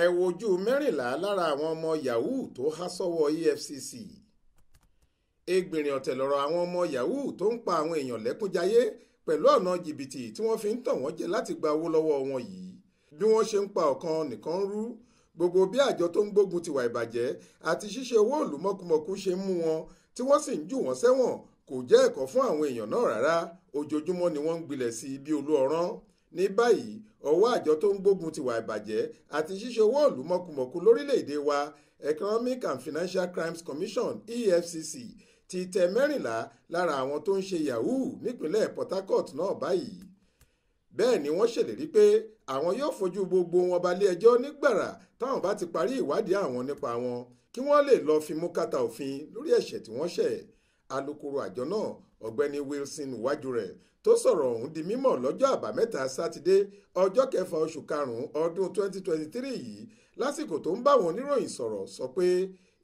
ẹ wojú mẹ́rìnlá lára àwọn ọmọ yahoo tó há sọ́wọ́ efcc ẹgbìnrin ọ̀tẹ̀ lọ́rọ̀ àwọn ọmọ yahoo tó ń pa àwọn èèyàn lẹ́kúnjayé pẹ̀lú ọ̀nà jìbìtì tí wọ́n fi ń tàn wọ́n jẹ láti gba owó lọ́wọ́ wọn yìí bí wọ́n ṣe ń pa ọ̀kan nìkan ń rú gbogbo bí àjọ tó ń gbógun tiwa ìbàjẹ́ àti ṣíṣe owó òlù mọ́kumọ̀ku ṣe ń mú wọn tí wọ́n sì ń jù wọ́n sẹ́wọ̀n kò jẹ́ ẹ̀kọ́ fún àwọn èèyàn náà rárá ojoojúmọ́ ni wọ́n ń gbilẹ̀ sí ibi olú ọ̀rán ní báyìí ọwọ́ àjọ tó ń gbógun tiwà ìbàjẹ́ àti ṣíṣe owó ìlú mọ̀kùmọ̀kù lórílẹ̀‐èdè wa Economic and Financial Crimes Commission EFCC ti tẹ mẹ́rìnlá lára àwọn tó ń ṣe yahoo nípínlẹ̀ Port Harcourt náà báyìí bẹ́ẹ̀ ni wọ́n ṣèlérí pé àwọn yóò fojú gbogbo wọn balẹ̀-ẹjọ́ nígbàrà táwọn bá ti parí ìwádìí àwọn nípa wọn kí wọ́n lè lọ́ọ́ fimú kàtà òfin lórí ẹ̀ṣẹ̀ tí wọ́n ṣẹ̀ alukoro àjọ náà ọ̀gbẹ́ni wilson wájúrẹ̀ tó sọ̀rọ̀ ọ̀hún di mímọ̀ lọ́jọ́ àbámẹ́ta sátidé ọjọ́ kẹfà oṣù karùn-ún ọdún 2023 yìí lásìkò tó ń bá wọn oníròyìn sọ̀rọ̀ sọ pé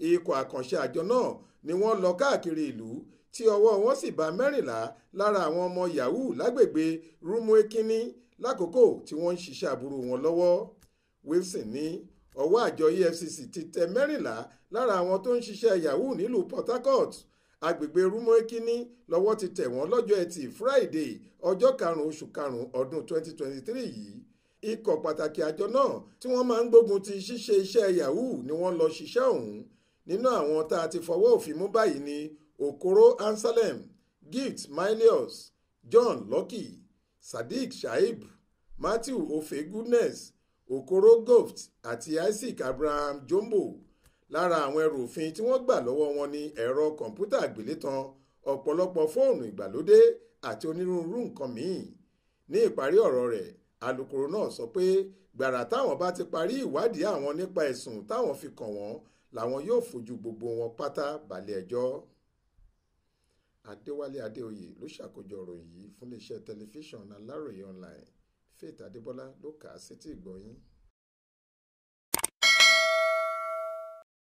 ikọ̀ àkànṣe àjọ náà ni wọ́n lọ káàkiri ìlú tí ọwọ́ wọn sì bá mẹ́rìnlá lára àwọn ọmọ yahoo lágbègbè rúmúẹ́kínní lákòókò tí wọ́n ń ṣiṣẹ́ aburú wọn lọ́wọ́ wilson ní ọwọ́ àjọ efcc ti tẹ mẹ́rìnlá lára àwọn tó ń ṣiṣẹ́ yahoo nílùú port harcourt agbègbè rúmọ́ẹ́kíní lọ́wọ́ ti tẹ̀ wọ́n lọ́jọ́ ẹtì friday ọjọ́ karùn-ún oṣù karùn-ún ọdún 2023 yìí ikọ̀ pàtàkì àjọ náà tí wọ́n máa ń gbógun ti ṣíṣe iṣẹ́ yahoo ni wọ́n lọ ṣiṣẹ́ ọ̀hún nínú àwọn tá a ti fọwọ́ òfin mú báyìí ni okoro ansalem gift milius john lucky sadiq shaib matthew ofe goodness okoro goft àti isaac abraham Jumbo lára àwọn ẹrù òfin tí wọ́n gbà lọ́wọ́ wọn ni ẹ̀rọ kọ̀ǹpútà àgbélétan ọ̀pọ̀lọpọ̀ fóònù ìgbàlódé àti onírúurú nǹkan míì ní ìparí ọ̀rọ̀ rẹ̀ alūkkóró náà sọ pé gbàrà táwọn bá ti parí ìwádìí àwọn nípa ẹ̀sùn táwọn fi kàn wọ́n làwọn yóò fojú gbogbo wọn pátá balẹ̀-ẹjọ́ adéwálé adéoyè ló ṣàkójọ ọ̀rọ̀ yìí fún iléeṣẹ́ tẹlifíṣàn aláròye online faith adébọlá ló kà á sétí ìgbọ̀nyín.